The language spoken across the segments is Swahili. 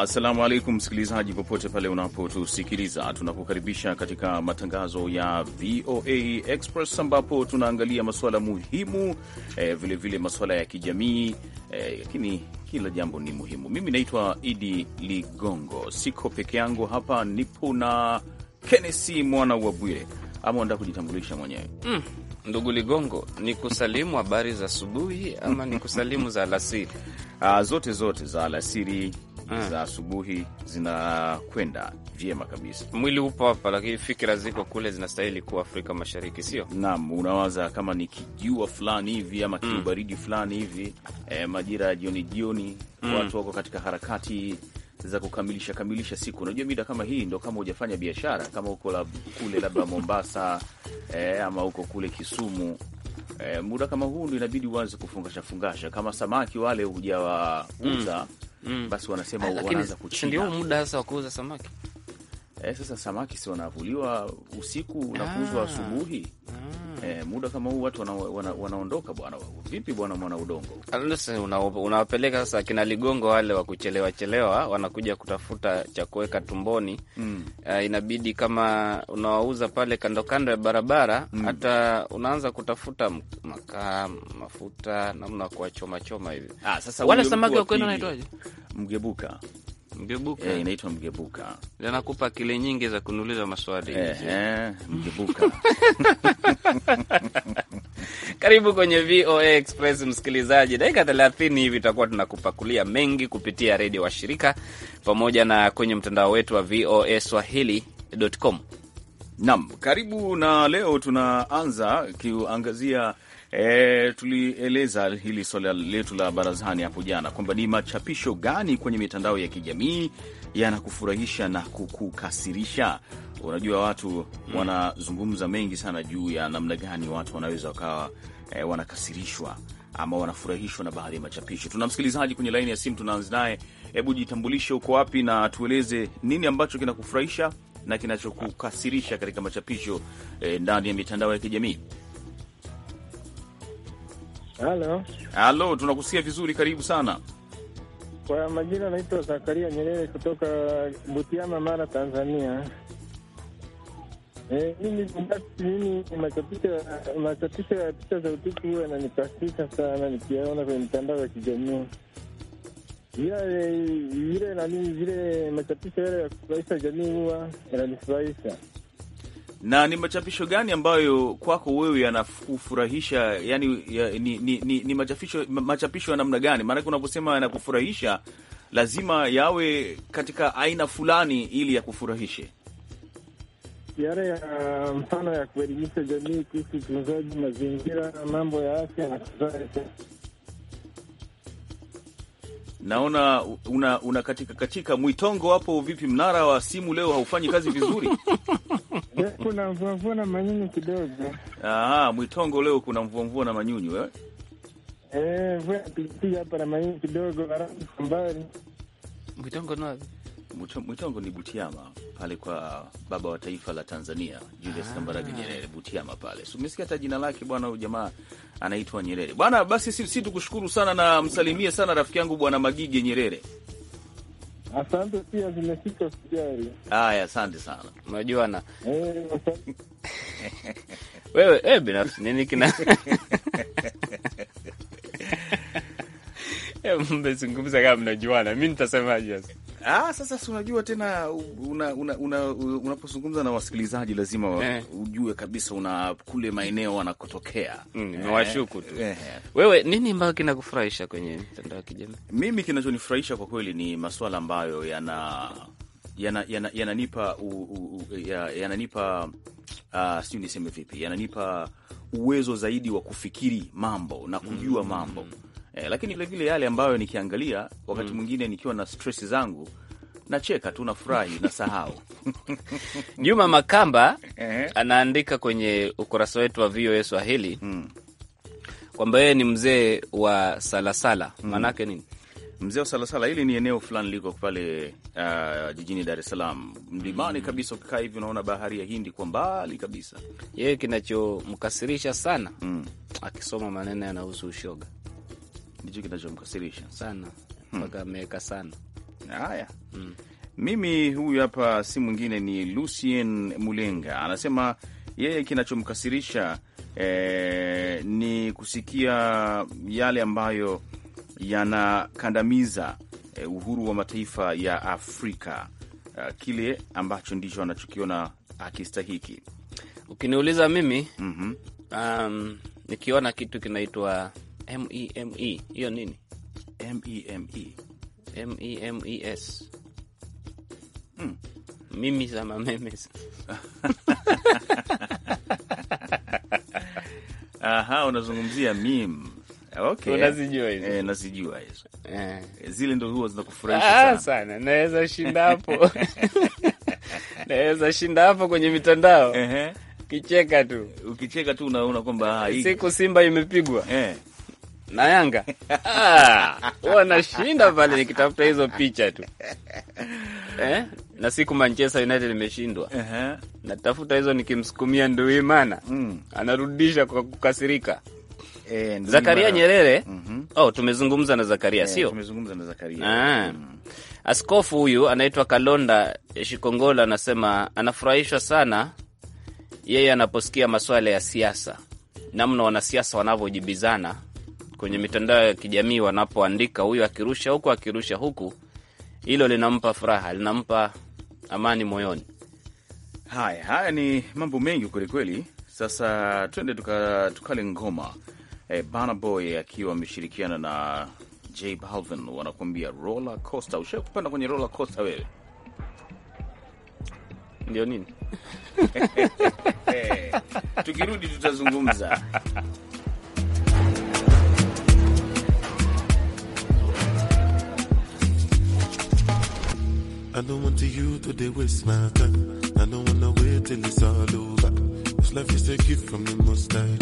Assalamu alaikum msikilizaji, popote pale unapotusikiliza, tunakukaribisha katika matangazo ya VOA Express ambapo tunaangalia masuala muhimu vilevile eh, vile masuala ya kijamii eh, lakini eh, kila jambo ni muhimu. Mimi naitwa Idi Ligongo, siko peke yangu hapa, nipo na Kennesi mwana wa Bwire. Ama unataka kujitambulisha mwenyewe? mm. Ndugu Ligongo, ni kusalimu habari za asubuhi ama ni kusalimu za alasiri? Ah, zote zote za alasiri mm. za asubuhi zinakwenda vyema kabisa. Mwili upo hapa, lakini fikira ziko kule, zinastahili kuwa Afrika Mashariki, sio naam? Unawaza kama ni kijua fulani hivi ama kiubaridi mm. fulani hivi e, majira ya jioni jioni mm. watu wako katika harakati za kukamilisha kamilisha siku. Unajua mida kama hii ndo kama hujafanya biashara kama huko lab, kule labda Mombasa e, ama huko kule Kisumu e, muda kama huu ndo inabidi uanze kufungasha fungasha kama samaki wale hujawauza mm mm. Basi wanasema wanaanza kuchinja, ndio muda sasa wa kuuza samaki. Eh, sasa samaki si wanavuliwa usiku na kuuzwa ah. asubuhi. Ah eh, muda kama huu watu wana, wana, wanaondoka bwana. Vipi bwana mwana udongo unawapeleka sasa kina ligongo wale wa kuchelewa chelewa wanakuja kutafuta cha kuweka tumboni mm. Uh, inabidi kama unawauza pale kando kando ya barabara mm. Hata unaanza kutafuta makaa, mafuta, namna kuwachomachoma hivi. Ah, sasa wale samaki wa kwenu wanaitwaje? Mgebuka Mgebuka. Eh, inaitwa mgebuka. Anakupa akili nyingi za kunuliza maswali. Eh, eh, mgebuka. Karibu kwenye VOA Express msikilizaji, dakika 30 hivi tutakuwa tunakupakulia mengi kupitia redio wa shirika pamoja na kwenye mtandao wetu wa VOA Naam, karibu na leo tunaanza kiuangazia E, tulieleza hili swala letu la barazani hapo jana kwamba ni machapisho gani kwenye mitandao ya kijamii yanakufurahisha na kukukasirisha. Unajua, watu hmm. wanazungumza mengi sana juu ya namna gani watu wanaweza wakawa e, wanakasirishwa ama wanafurahishwa na baadhi ya machapisho. Tuna msikilizaji kwenye laini ya simu, tunaanza naye. Hebu jitambulishe, uko wapi na tueleze nini ambacho kinakufurahisha na kinachokukasirisha katika machapisho e, ndani ya mitandao ya kijamii. Halo, halo, tunakusikia vizuri, karibu sana. Kwa majina naitwa Zakaria Nyerere kutoka Butiama, Mara, Tanzania. E, mimi binafsi mimi machapisho ya picha za utupu huwa yananipasika sana nikiyaona kwenye mitandao ya kijamii vile nani, vile machapisho yale ya kufurahisha jamii huwa yananifurahisha. Na ni machapisho gani ambayo kwako wewe yanakufurahisha? Yani ya, ni, ni, ni, ni machapisho, machapisho ya namna gani? Maanake unaposema yanakufurahisha lazima yawe katika aina fulani ili yakufurahishe. Yale ya mfano ya kuelimisha jamii kuhusu utunzaji mazingira, mambo ya afya na kadhalika. Naona una, una katika katika mwitongo hapo. Vipi, mnara wa simu leo haufanyi kazi vizuri? Eh, kuna mvua mvua na manyunyu kidogo. Aha, mwitongo leo kuna mvua mvua na manyunyu eh? Eh, mvua napigapiga hapa na manyunyu kidogo, gharama mwitongo nao Mwitongo ni Butiama pale kwa baba wa taifa la Tanzania Julius Kambarage ah. Nyerere, Butiama pale. So umesikia hata jina lake bwana, huyu jamaa anaitwa Nyerere bwana. Basi si si tukushukuru sana na msalimie sana rafiki yangu bwana Magige Nyerere. Asante pia zimefika sijari. Haya, asante sana. Unajua na eh, wewe e, binafsi nini kina mmezungumza kama mnajuana, mi nitasemaje sasa? Ah, sasa si unajua tena una, una, una, unapozungumza na wasikilizaji lazima eh, ujue kabisa una kule maeneo wanakotokea mm, eh, washuku tu eh. Wewe nini ambayo kinakufurahisha kwenye mtandao wa kijamii? Mimi kinachonifurahisha kwa kweli ni masuala ambayo yana yananipa yana, yana yananipa uh, sijui niseme vipi, yananipa uwezo zaidi wa kufikiri mambo na kujua mm. mambo mm eh, lakini vilevile yale ambayo nikiangalia wakati mm. mwingine mm. nikiwa na stress zangu nacheka tu nafurahi na sahau. Juma Makamba eh. anaandika kwenye ukurasa wetu wa VOA Swahili mm. kwamba yeye ni mzee wa Salasala mm. maanake mm. nini? Mzee wa Salasala, hili ni eneo fulani liko pale uh, jijini Dar es Salaam mlimani mm. kabisa. Ukikaa hivi unaona bahari ya Hindi kwa mbali kabisa. Yeye kinachomkasirisha sana mm. akisoma maneno yanahusu ushoga ndicho kinachomkasirisha sana hmm. mpaka hmm. ameweka sana haya hmm. Mimi huyu hapa si mwingine ni Lucien Mulenga, anasema yeye kinachomkasirisha eh, ni kusikia yale ambayo yanakandamiza eh, uhuru wa mataifa ya Afrika eh, kile ambacho ndicho anachokiona akistahiki. Ukiniuliza mimi mm -hmm. um, nikiona kitu kinaitwa meme e e Hiyo nini? meme memes e Hmm. Mimi za mamemes. Aha, unazungumzia meme. Okay. Unazijua hizo. Eh, nazijua hizo. Eh. eh zile ndio huwa zinakufurahisha ah, sana. Ah, sana. Naweza shinda hapo. Naweza shinda hapo kwenye mitandao. Ehe. Kicheka tu. Ukicheka tu unaona kwamba ah, hii siku Simba imepigwa. Eh na Yanga ah, wanashinda pale, nikitafuta hizo picha tu eh? na siku Manchester United imeshindwa uh -huh. natafuta hizo nikimsukumia Nduimana mm. anarudisha kwa kukasirika e, Zakaria Nyerere mm -hmm. oh, tumezungumza na Zakaria e, sio tumezungumza na Zakaria ah. mm. Askofu huyu anaitwa Kalonda Shikongola anasema anafurahishwa sana yeye anaposikia masuala ya siasa, namna wanasiasa wanavyojibizana kwenye mitandao ya kijamii wanapoandika, huyu akirusha huku akirusha huku, hilo linampa furaha, linampa amani moyoni. Haya haya ni mambo mengi kwelikweli. Sasa twende tukale tuka ngoma eh, Burna Boy akiwa ameshirikiana na J Balvin wanakuambia roller coaster. Ushawahi kupanda kwenye roller coaster wewe? Ndio nini? Eh, tukirudi tutazungumza I don't want to you to waste my time. I don't wanna wait till it's all over. This life is a gift from the most high.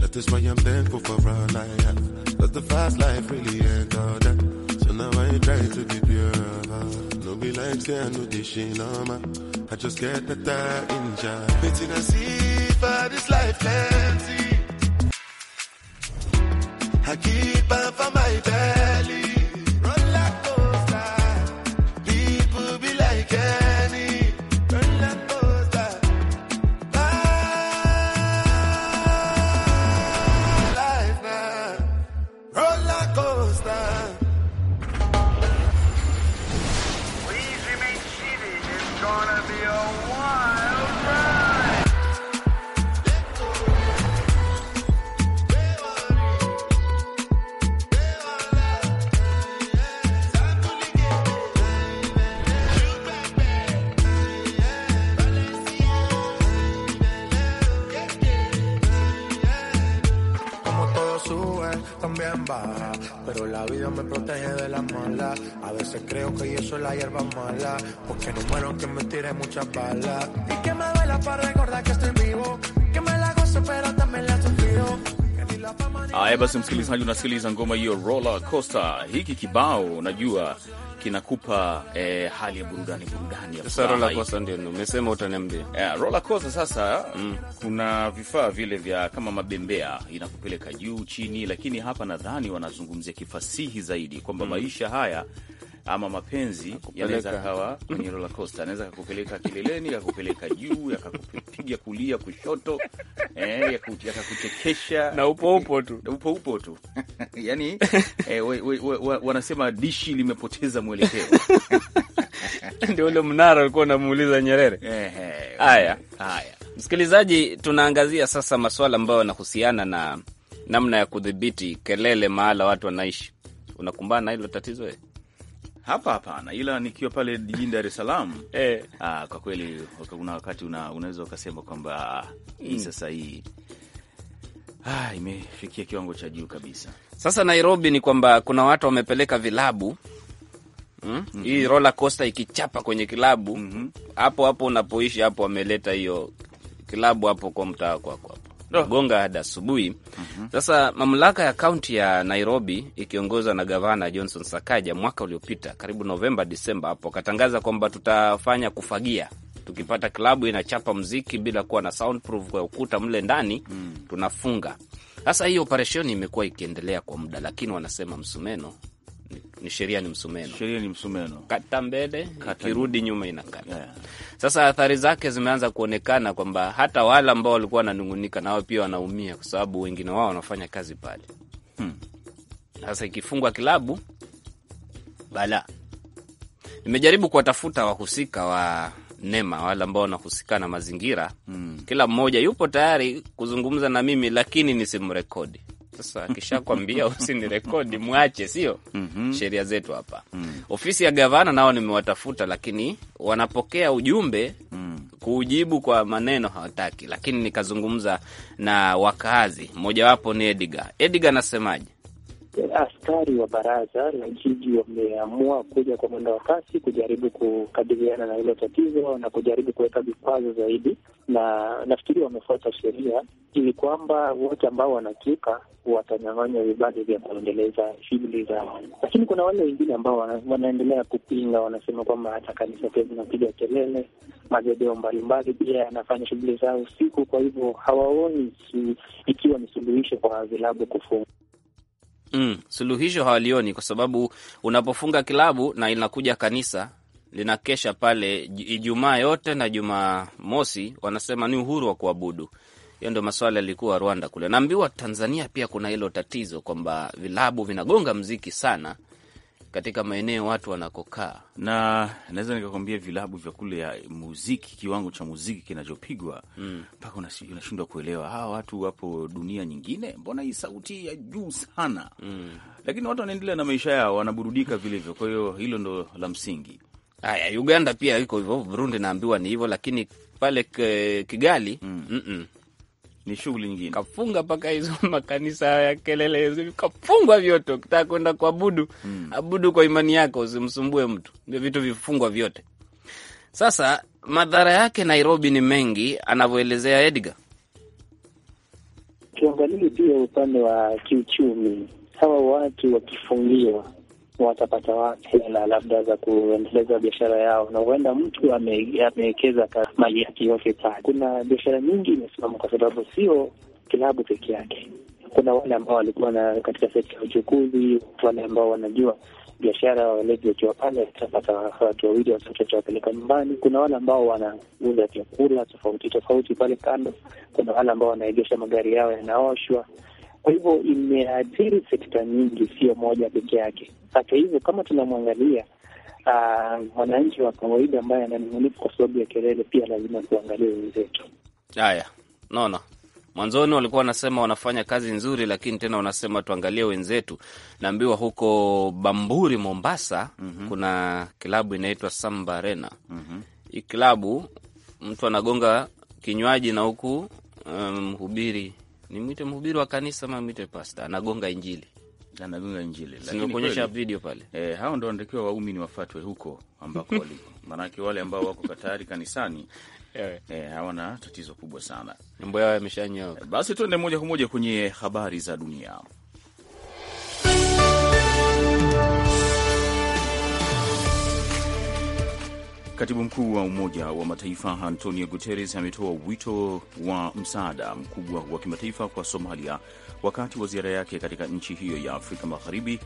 That is why I'm thankful for all I have. Cause the fast life really ain't all that. So now I try to be pure. No be like say I know this shit normal. I just get better in job. Waiting I see for this life fancy. I keep on for my bed. en pero la vida me protege de la mala A veces creo que yo soy la hierba mala, porque no muero que me tire muchas balas. Y que me duela para recordar que estoy vivo, que me la gozo pero también la sufrido. Haya basi, msikilizaji, unasikiliza ngoma hiyo Roller Coaster, hiki kibao, Nayua. kinakupa eh, hali ya burudani burudani. Sasa roller coaster ndio umesema utaniambia. Yeah, roller coaster sasa mm. kuna vifaa vile vya kama mabembea inakupeleka juu chini, lakini hapa nadhani wanazungumzia kifasihi zaidi kwamba mm. maisha haya ama mapenzi yanaweza kawa kwenye roller anaweza kakupeleka kileleni, yakakupeleka juu, yakakupiga kulia kushoto, eh, yakakuchekesha na upo upo tu, upo upo tu yani eh, we, we, we, we, wanasema dishi limepoteza mwelekeo ndio ule mnara ulikuwa unamuuliza Nyerere. Haya, haya msikilizaji, tunaangazia sasa masuala ambayo yanahusiana na namna ya kudhibiti kelele mahala watu wanaishi. Unakumbana na hilo tatizo eh? Hapa hapana, ila nikiwa pale jijini Dar es Salaam eh, ah, kwa kweli kuna wakati unaweza ukasema kwamba hii hmm. sasa hii ah, imefikia kiwango cha juu kabisa. Sasa Nairobi ni kwamba kuna watu wamepeleka vilabu Mm -hmm. Mhm. Hii roller coaster ikichapa kwenye kilabu mhm. hapo mm -hmm. hapo unapoishi hapo, wameleta hiyo kilabu hapo kwa mtaa kwako kugonga hadi asubuhi. Mhm. Sasa mamlaka ya kaunti ya Nairobi ikiongozwa na gavana Johnson Sakaja mwaka uliopita karibu Novemba Disemba hapo akatangaza kwamba tutafanya kufagia tukipata klabu inachapa mziki bila kuwa na soundproof kwa ukuta mle ndani mm. tunafunga. Sasa hii operesheni imekuwa ikiendelea kwa muda, lakini wanasema msumeno ni sheria ni msumeno, sheria ni msumeno, kata mbele kirudi nyuma inakata. Yeah. Sasa athari zake zimeanza kuonekana kwamba hata wale ambao walikuwa wananungunika nao pia wanaumia, kwa sababu wengine wao wanafanya kazi pale. Hmm. Sasa ikifungwa kilabu bala. Nimejaribu kuwatafuta wahusika wa NEMA, wale ambao wanahusika na mazingira hmm. Kila mmoja yupo tayari kuzungumza na mimi, lakini nisimrekodi sasa akishakwambia rekodi mwache, sio mm -hmm. sheria zetu hapa mm -hmm. ofisi ya gavana nao nimewatafuta, lakini wanapokea ujumbe mm -hmm. kuujibu kwa maneno hawataki, lakini nikazungumza na wakaazi, mmojawapo ni Edgar. Edgar anasemaje? askari wa baraza la jiji wameamua kuja kwa mwendo wa kasi kujaribu kukabiliana na hilo tatizo na kujaribu kuweka vikwazo zaidi, na nafikiri wamefuata sheria ili kwamba wote ambao wanakiuka watanyang'anywa vibali vya kuendeleza shughuli zao. Lakini kuna wale wengine ambao wana, wanaendelea kupinga, wanasema kwamba hata kanisa pia zinapiga kelele, madhehebu mbalimbali pia yanafanya shughuli zao usiku. Kwa hivyo hawaoni ikiwa ni suluhisho kwa vilabu kufunga. Mm, suluhisho hawalioni kwa sababu unapofunga kilabu na inakuja kanisa linakesha pale Ijumaa yote na Jumamosi, wanasema ni uhuru wa kuabudu. Hiyo ndio maswala yalikuwa Rwanda kule. Naambiwa Tanzania pia kuna hilo tatizo kwamba vilabu vinagonga mziki sana katika maeneo watu wanakokaa, na naweza nikakwambia vilabu vya kule ya muziki, kiwango cha muziki kinachopigwa hmm. mpaka mm. unashindwa kuelewa hawa watu wapo dunia nyingine, mbona hii sauti ya juu sana mm. Lakini watu wanaendelea na maisha yao, wanaburudika vilivyo. Kwa hiyo hilo ndo la msingi. Haya, Uganda pia iko hivyo, Burundi naambiwa ni hivyo, lakini pale Kigali mm. Mm -mm ni shughuli nyingine, kafunga mpaka hizo makanisa ya kelele, kafungwa vyote. Ukitaka kwenda kuabudu mm, abudu kwa imani yako, usimsumbue mtu, ndio vitu vifungwa vyote. Sasa madhara yake Nairobi ni mengi, anavyoelezea Edgar. Ukiangalia pia upande wa kiuchumi, hawa watu wakifungiwa watapata wapi hela labda za kuendeleza biashara yao, na huenda mtu amewekeza mali yake yote pale. Kuna biashara nyingi imesimama kwa sababu sio kilabu peke yake. Kuna wale ambao walikuwa na katika sekta ya uchukuzi, wale ambao wanajua biashara walevi wakiwa pale watapata watu wawili watatu watawapeleka nyumbani. Kuna wale ambao wanauza vyakula tofauti tofauti pale kando. Kuna wale ambao wanaegesha magari yao yanaoshwa kwa hivyo imeathiri sekta nyingi, sio moja peke yake. Hata hivyo, kama tunamwangalia ah, mwananchi wa kawaida ambaye ananung'unika kwa sababu ya kelele, pia lazima tuangalie wenzetu. Haya, naona mwanzoni walikuwa wanasema wanafanya kazi nzuri, lakini tena wanasema tuangalie wenzetu. Naambiwa huko Bamburi, Mombasa, mm -hmm. kuna klabu inaitwa Samba Arena mm -hmm. Hii mtu anagonga kinywaji na huku mhubiri um, nimwite mhubiri wa kanisa ama mwite pasta, anagonga Injili anagonga Injili, sinakuonyesha video pale. E, hao ndo wanatakiwa waumini wafatwe huko ambako waliko, maanake wale ambao wako katayari kanisani e, hawana tatizo kubwa sana, mambo yao yameshanyooka. Basi tuende moja kwa moja kwenye habari za dunia. Katibu mkuu wa Umoja wa Mataifa Antonio Guterres ametoa wito wa msaada mkubwa wa kimataifa kwa Somalia wakati wa ziara yake katika nchi hiyo ya Afrika Magharibi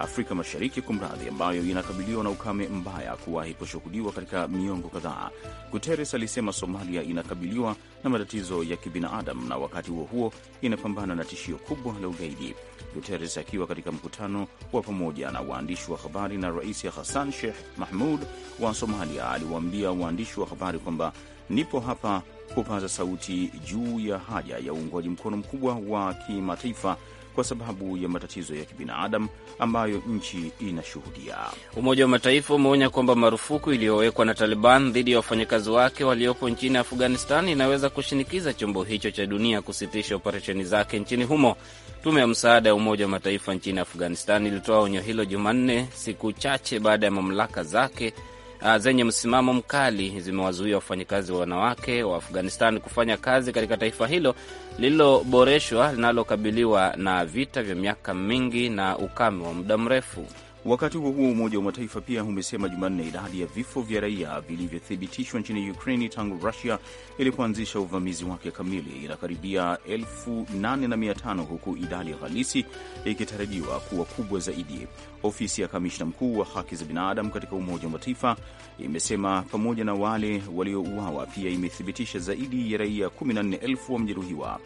Afrika Mashariki, kumradhi, ambayo inakabiliwa na ukame mbaya kuwahi kushuhudiwa katika miongo kadhaa. Guterres alisema Somalia inakabiliwa na matatizo ya kibinadamu na wakati huo huo inapambana na tishio kubwa la ugaidi. Guterres akiwa katika mkutano wa pamoja na waandishi wa habari na Rais Hassan Sheikh Mahmud wa Somalia, aliwaambia waandishi wa habari kwamba nipo hapa kupaza sauti juu ya haja ya uungwaji mkono mkubwa wa kimataifa kwa sababu ya matatizo ya kibinadamu ambayo nchi inashuhudia. Umoja wa Mataifa umeonya kwamba marufuku iliyowekwa na Taliban dhidi ya wafanyakazi wake waliopo nchini Afghanistan inaweza kushinikiza chombo hicho cha dunia kusitisha operesheni zake nchini humo. Tume ya msaada ya Umoja wa Mataifa nchini Afghanistan ilitoa onyo hilo Jumanne, siku chache baada ya mamlaka zake uh, zenye msimamo mkali zimewazuia wafanyakazi wa wanawake wa Afghanistan kufanya kazi katika taifa hilo lililoboreshwa linalokabiliwa na vita vya miaka mingi na ukame wa muda mrefu. Wakati huo huo, Umoja wa Mataifa pia umesema Jumanne idadi ya vifo vya raia vilivyothibitishwa nchini Ukraini tangu Rusia ilipoanzisha uvamizi wake kamili inakaribia 8500 huku idadi halisi ikitarajiwa kuwa kubwa zaidi. Ofisi ya kamishna mkuu wa haki za binadamu katika Umoja wa Mataifa imesema pamoja na wale waliouawa pia imethibitisha zaidi ya raia 14,000 wamejeruhiwa.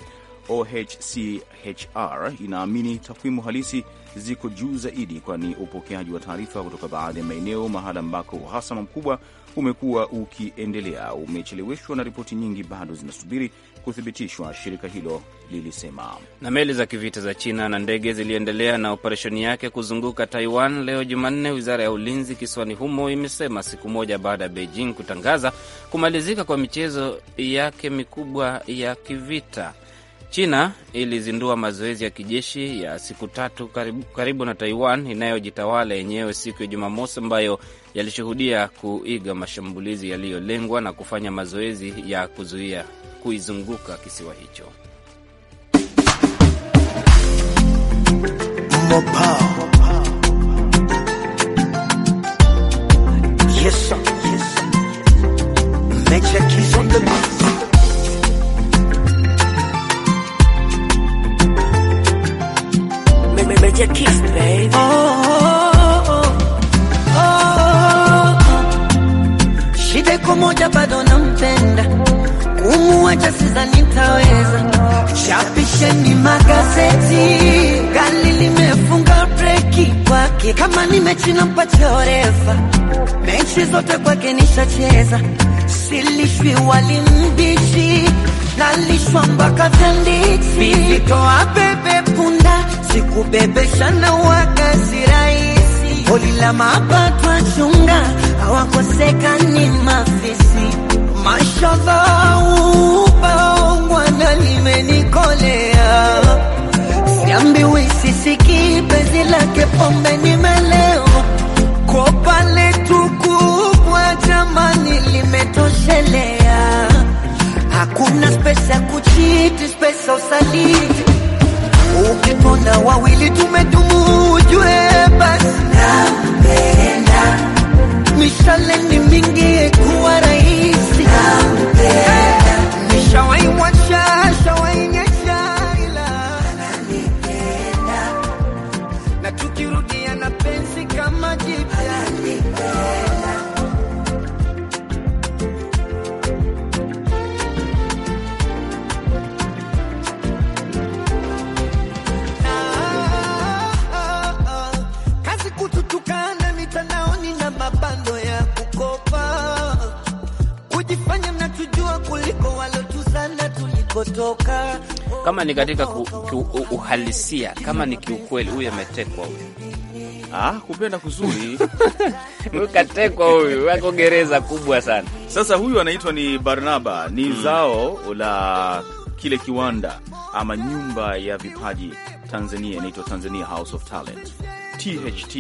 OHCHR inaamini takwimu halisi ziko juu zaidi, kwani upokeaji wa taarifa kutoka baadhi ya maeneo, mahala ambako uhasama mkubwa umekuwa ukiendelea, umecheleweshwa na ripoti nyingi bado zinasubiri kuthibitishwa, shirika hilo lilisema. Na meli za kivita za China na ndege ziliendelea na operesheni yake kuzunguka Taiwan leo Jumanne, wizara ya ulinzi kisiwani humo imesema, siku moja baada ya Beijing kutangaza kumalizika kwa michezo yake mikubwa ya kivita. China ilizindua mazoezi ya kijeshi ya siku tatu karibu, karibu na Taiwan inayojitawala yenyewe siku ya Jumamosi, ambayo yalishuhudia kuiga mashambulizi yaliyolengwa na kufanya mazoezi ya kuzuia kuizunguka kisiwa hicho. Yes, Yes, Heard your kiss, baby. Oh, oh, oh, oh, oh. Shida iko moja, bado nampenda, kumuacha siza nitaweza. ni magazeti, gari limefunga breki kwake. Kama ni mechi nampa choreva, mechi zote kwake nishacheza. Silishwi wali mbichi, nalishwa mpaka tandiki, toa bebe sikubebeshana wakati rahisi, poli la mapato wachunga hawakosekani mafisi, mashallah bao limenikolea, siambiwi sisiki penzi lake pombe nimeleo kopa letu kubwa jamani limetoshelea, hakuna spesa kuchiti, spesa usaliti ukitona wawili tumedumu, ujue basi nampenda. Mishale ni mingi kuwa rahisi, nampenda nishawahi kama ni katika ku, ku, uhalisia, kama ni kiukweli, huyu ametekwa huyu. Ah, kupenda kuzuri ukatekwa huyu, wako gereza kubwa sana. Sasa huyu anaitwa ni Barnaba, ni hmm, zao la kile kiwanda ama nyumba ya vipaji Tanzania, inaitwa Tanzania House of Talent THT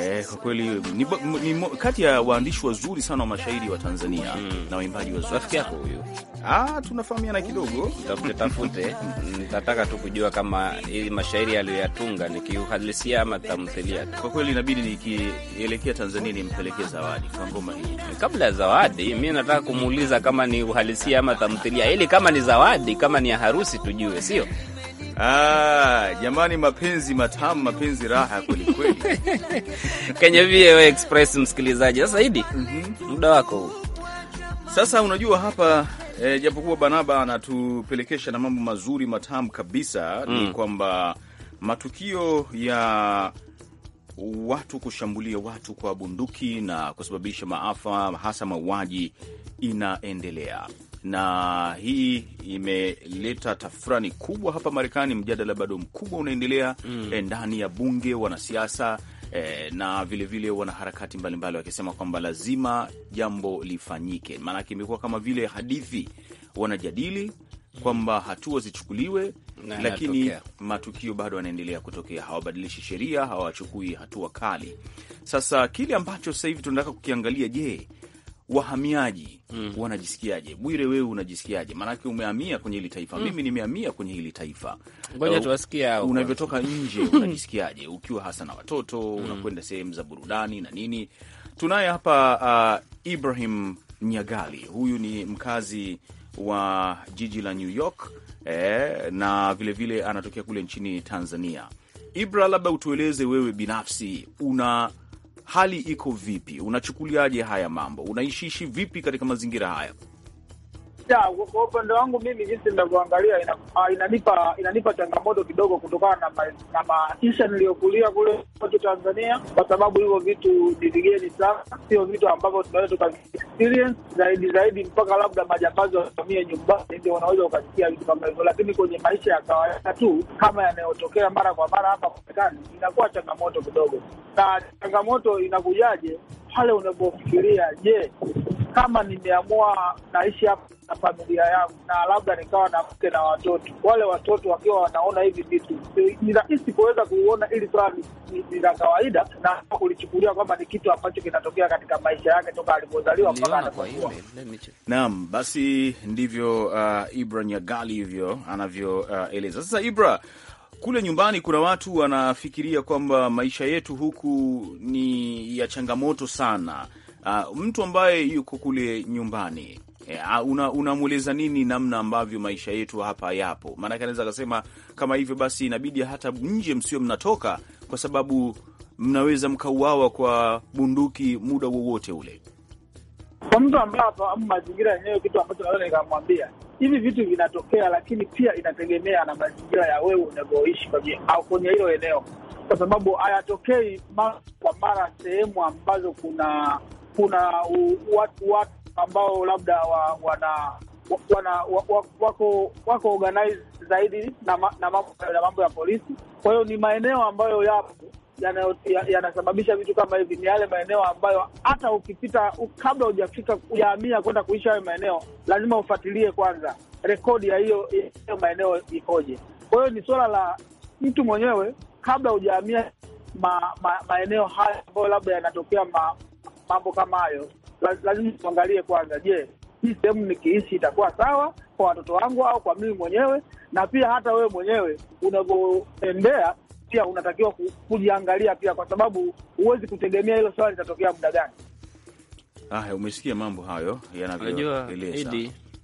Eh, kwa kweli ni, ni kati ya waandishi wazuri sana wa mashairi wa Tanzania mm. na waimbaji wazuri. Rafiki yako huyo? Ah, tunafahamiana kidogo, tafute tafute. Nitataka tu kujua kama ili mashairi aliyoyatunga ni kiuhalisia ama tamthilia. Kwa kweli inabidi nikielekea Tanzania nimpelekee zawadi kwa ngoma hii. Kabla ya zawadi, mimi nataka kumuuliza kama ni uhalisia ama tamthilia, ili kama ni zawadi, kama ni ya harusi, tujue, sio? Ah, jamani, mapenzi matamu, mapenzi raha kweli kweli kwenye VOA Express. Msikilizaji, sasa hidi mm -hmm. muda wako huu sasa. Unajua hapa eh, japokuwa Banaba anatupelekesha na mambo mazuri matamu kabisa mm. ni kwamba matukio ya watu kushambulia watu kwa bunduki na kusababisha maafa hasa mauaji inaendelea na hii imeleta tafurani kubwa hapa Marekani. Mjadala bado mkubwa unaendelea mm. Eh, ndani ya bunge, wanasiasa eh, na vilevile wanaharakati mbalimbali wakisema kwamba lazima jambo lifanyike, maanake imekuwa kama vile hadithi wanajadili kwamba hatua zichukuliwe na lakini natokea. Matukio bado yanaendelea kutokea, hawabadilishi sheria, hawachukui hatua kali. Sasa kile ambacho sasa hivi tunataka kukiangalia, je, wahamiaji mm. wanajisikiaje? Bwire, wewe unajisikiaje? Maanake umehamia kwenye hili taifa mm. mimi nimehamia kwenye hili taifa. Ngoja eh, unavyotoka nje unajisikiaje, ukiwa hasa na watoto mm. unakwenda sehemu za burudani na nini. Tunaye hapa uh, Ibrahim Nyagali, huyu ni mkazi wa jiji la New York eh, na vilevile vile anatokea kule nchini Tanzania. Ibra, labda utueleze wewe binafsi una hali iko vipi? Unachukuliaje haya mambo? Unaishishi vipi katika mazingira haya? ya kwa upande wangu mimi, jinsi ninavyoangalia ina, ah, inanipa inanipa changamoto kidogo kutokana na ma, na maisha niliyokulia kule kwetu Tanzania, kwa sababu hivyo vitu ni vigeni sana, sio vitu ambavyo tunaweza tuka zaidi zaidi, mpaka labda majambazi watumie nyumbani ndio wanaweza ukasikia vitu kama hivyo, lakini kwenye maisha ya kawaida tu kama yanayotokea mara kwa mara hapa Marekani inakuwa changamoto kidogo. Na changamoto inakujaje pale unapofikiria, je kama nimeamua naishi hapa na familia yangu na labda nikawa na mke na watoto, wale watoto wakiwa wanaona hivi vitu ni rahisi kuweza kuona ili swala ni la kawaida na kulichukulia kwamba ni kitu ambacho kinatokea katika maisha yake toka alipozaliwa mpaka anapokuwa. Naam, basi ndivyo uh, Ibra Nyagali hivyo anavyoeleza. Uh, sasa Ibra kule nyumbani kuna watu wanafikiria kwamba maisha yetu huku ni ya changamoto sana, uh, mtu ambaye yuko kule nyumbani uh, eh, unamweleza ah, una nini namna ambavyo maisha yetu hapa yapo? Maanake anaweza akasema kama hivyo, basi inabidi hata nje msio mnatoka, kwa sababu mnaweza mkauawa kwa bunduki muda wowote ule. Kwa mtu ambapo hafahamu mazingira yenyewe, kitu ambacho naweza nikamwambia hivi vitu vinatokea, lakini pia inategemea na mazingira ya wewe unavyoishi kwenye hilo eneo, kwa sababu hayatokei mara kwa mara sehemu ambazo kuna kuna u, watu watu ambao labda wa, wana wana wako wako organize zaidi na, na, mambo, na mambo ya polisi. Kwa hiyo ni maeneo ambayo yapo yanasababisha ya, ya vitu kama hivi. Ni yale maeneo ambayo hata ukipita kabla hujafika kujaamia kwenda kuisha hayo maeneo, lazima ufuatilie kwanza rekodi ya hiyo maeneo ikoje. Kwa hiyo ni suala la mtu mwenyewe kabla hujaamia ma, ma, maeneo haya ambayo labda yanatokea ma, mambo kama hayo lazima tuangalie kwanza, je, hii sehemu nikiishi itakuwa sawa kwa watoto wangu au kwa mimi mwenyewe? Na pia hata wewe mwenyewe unavyoendea pia unatakiwa kujiangalia pia, kwa sababu huwezi kutegemea hilo swala litatokea muda gani. Ah, umesikia mambo hayo yanavyoeleza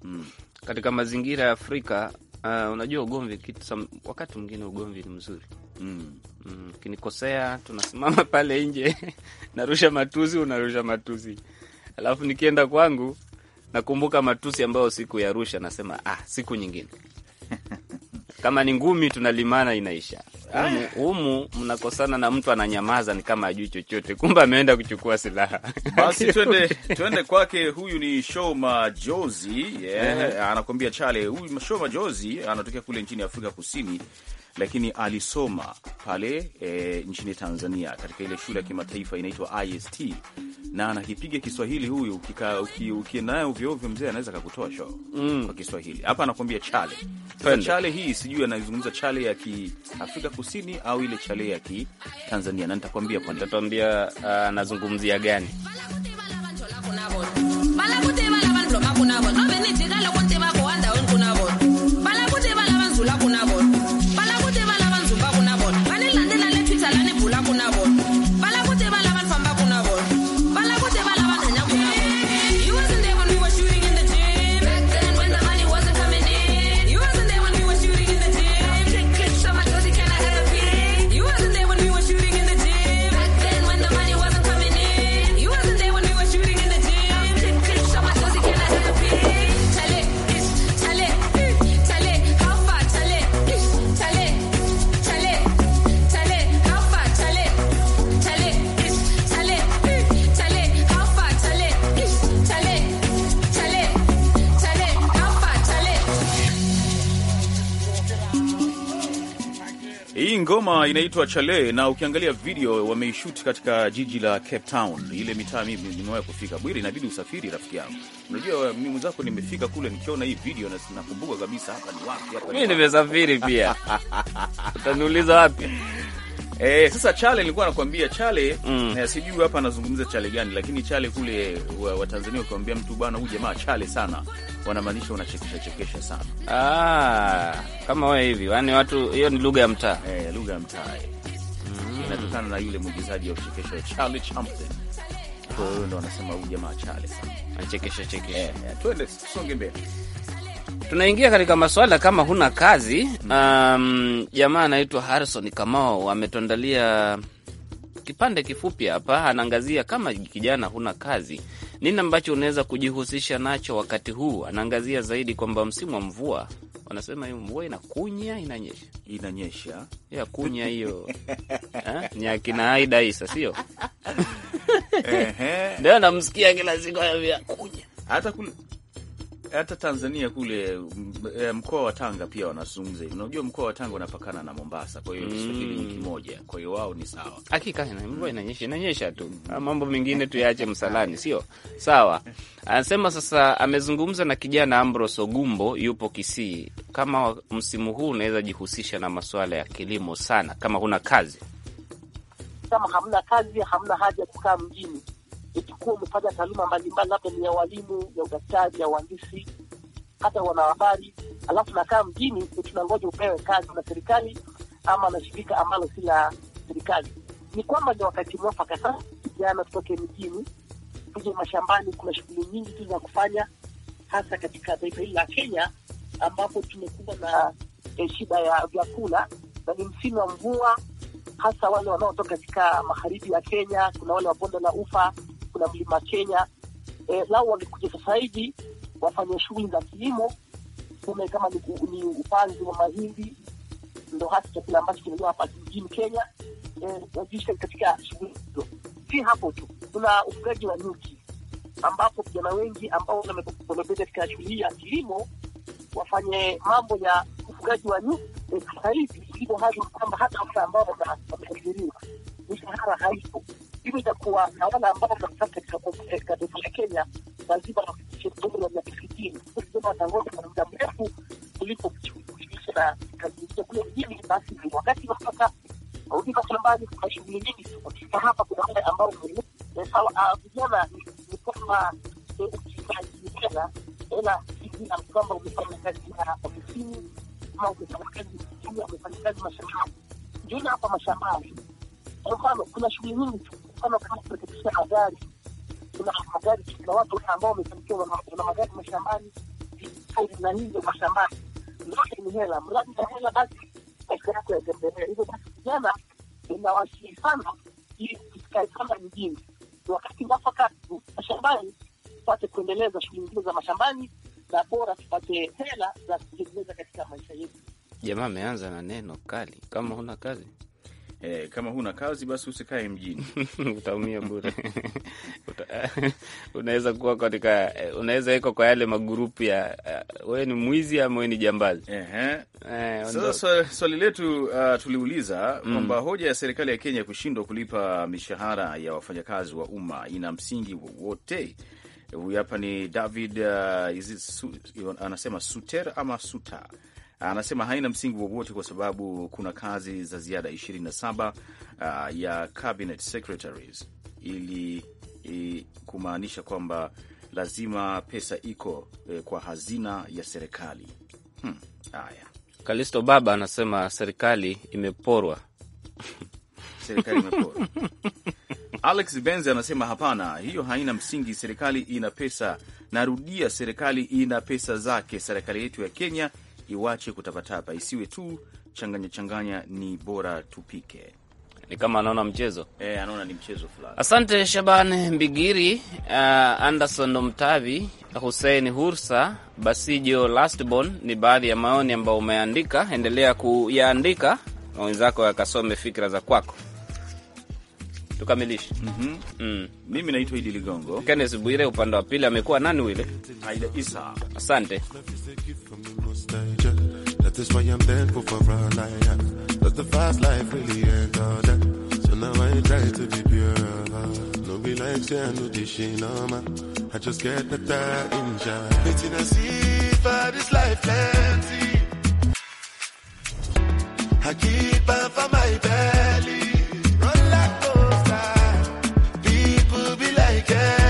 mm. Katika mazingira ya Afrika uh, unajua ugomvi kitu, wakati mwingine ugomvi ni mzuri mm. Mm, kinikosea tunasimama pale nje narusha matusi, unarusha matusi, alafu nikienda kwangu nakumbuka matusi ambayo siku ya rusha, nasema ah, siku nyingine kama ni ngumi tunalimana, inaisha humu. Ah. Humu mnakosana na mtu ananyamaza, ni kama ajui chochote, kumbe ameenda kuchukua silaha. Basi twende, twende kwake. Huyu ni Show Majozi yeah, anakuambia chale. Huyu Show Majozi anatokea kule nchini Afrika Kusini, lakini alisoma pale e, nchini Tanzania katika ile shule ya kimataifa inaitwa IST na anakipiga Kiswahili huyu, ukienda naye ovyoovyo, mzee anaweza kakutoa show mm. kwa Kiswahili. Hapa anakuambia chale. Sasa chale hii sijui anazungumza chale ya Kiafrika Kusini au ile chale ya Kitanzania, na nitakwambia kwa nini, uh, anazungumzia uh, gani ngoma inaitwa Chale na ukiangalia video wameishoot katika jiji la Cape Town. Ile mitaa mimi nimewahi kufika. Bwiri, inabidi usafiri rafiki yangu. Unajua mimi mwenzako nimefika kule nikiona hii video na nakumbuka kabisa hapa ni wapi hapa. Mimi nimesafiri pia. Utaniuliza wapi? E, sasa Chale nilikuwa nakwambia Chale mm. Eh, sijui hapa anazungumza Chale gani, lakini Chale kule Watanzania wa ukiwambia mtu bwana, huyu jamaa Chale sana, wanamaanisha unachekesha chekesha sana. Ah, kama wewe hivi, yaani watu, hiyo ni lugha ya mtaa eh, lugha ya mtaa eh. mm. inatokana na yule mwigizaji wa kuchekesha Charlie Chaplin. Kwa hiyo ndo wanasema huyu jamaa Chale sana anachekesha chekesha. Eh, eh tusonge mbele tunaingia katika maswala kama huna kazi. Um, jamaa anaitwa Harrison Kamao ametuandalia kipande kifupi hapa, anaangazia kama kijana huna kazi, nini ambacho unaweza kujihusisha nacho wakati huu. Anaangazia zaidi kwamba msimu wa mvua, wanasema hiyo mvua inakunya, inanyesha, inanyesha ya kunya hiyo eh, ni akina Aida Isa, sio ndio? Namsikia kila siku kunya hata kule hata Tanzania kule eh, mkoa wa Tanga pia wanazungumza hivi. Unajua mkoa wa Tanga unapakana na Mombasa, kwa hiyo Kiswahili ni mm. kimoja, kwa hiyo wao ni sawa. Hakika mvua mm. inanyesha, inanyesha tu, ah, mambo mengine tuyaache msalani, sio sawa. Anasema sasa, amezungumza na kijana Ambrose Ogumbo, yupo Kisii, kama msimu huu unaweza jihusisha na masuala ya kilimo sana, kama huna kazi, kama hamna kazi, hamna haja kukaa mjini ikikuwa umefanya taaluma mbalimbali, labda ni ya walimu, ya udaktari, ya uhandisi, hata wanahabari, alafu nakaa mjini, tunangoja upewe kazi na serikali ama na shirika ambalo si la serikali. Ni kwamba ni wakati mwafaka sasa, vijana tutoke mjini tuje mashambani. Kuna shughuli nyingi tu za kufanya, hasa katika taifa hili la Kenya ambapo tumekuwa na eh, shida ya vyakula na ni msimu wa mvua, hasa wale wanaotoka katika magharibi ya Kenya. Kuna wale wa bonde la ufa kuna mlima Kenya. E, lau wangekuja sasa hivi wafanye shughuli za kilimo, tuseme kama ni, ni upanzi wa mahindi, ndo hasa chakula ambacho kinaliwa hapa nchini Kenya. E, eh, wajihusishe katika shughuli hizo. Si hapo tu, kuna ufugaji wa nyuki ambapo vijana wengi ambao wamependa katika shughuli hii ya kilimo wafanye mambo ya ufugaji wa nyuki eh, sasa hivi, hivyo hadi kwamba hata wale ambao wameajiriwa mishahara haipo hivyo itakuwa naona ambapo tunakutana katika taifa la Kenya lazima wafikishe umri wa miaka sitini, kusema wataongoza kwa muda mrefu kuliko kujishughulisha na kazi kule mjini. Basi ni wakati wa sasa urudi kwa shambani, kuna shughuli nyingi katika hapa. Kuna wale ambao eh, sawa ah, vijana ni kama eh, ukiaji hela hela ingina kwamba umefanya kazi ya ofisini ama umefanya kazi ya umefanya kazi mashambani, ndio hapa mashambani. Kwa mfano kuna shughuli nyingi mfano kama kurekebisha magari, kuna magari, kuna watu ambao wamefanikiwa, wana magari mashambani na nini mashambani, zote ni hela, mradi na hela, basi maisha yako yatembelea. Hivyo basi vijana inawasihi sana ili tusikae sana mjini, wakati mwafaka mashambani tupate kuendeleza shughuli zile za mashambani, na bora tupate hela za kujiendeleza katika maisha yetu. Jamaa ameanza na neno kali, kama huna kazi E, kama huna kazi basi usikae mjini utaumia bure Uta, unaweza kuwa katika, eh, unaweza wekwa kwa yale magrupu ya uh, wewe ni mwizi ama wewe ni jambazi. sasa swali so, so, letu uh, tuliuliza mm. kwamba mm, hoja ya serikali ya Kenya kushindwa kulipa mishahara ya wafanyakazi wa umma ina msingi wowote? Huyu hapa ni David uh, is it su, anasema suter ama suta anasema haina msingi wowote kwa sababu kuna kazi za ziada 27 uh, ya cabinet secretaries ili kumaanisha kwamba lazima pesa iko eh, kwa hazina ya serikali. Hmm, Kalisto Baba anasema serikali imeporwa. Serikali imeporwa. Alex Benz anasema hapana, hiyo haina msingi. Serikali ina pesa, narudia, serikali ina pesa zake. Serikali yetu ya Kenya iwache kutapatapa, isiwe tu changanya changanya, ni bora tupike ni kama anaona mchezo e, anaona ni mchezo fulani. Asante Shaban Mbigiri, uh, Anderson Mtavi, Hussein Hursa, Basijo Lastborn ni baadhi ya maoni ambayo umeandika. Endelea kuyaandika na wenzako yakasome fikira za kwako. Tukamilishe. mm -hmm. mm. Mimi naitwa Idi Ligongo. Kennes Bwire upande wa pili amekuwa nani wile? Aida Isa. Asante. Yeah.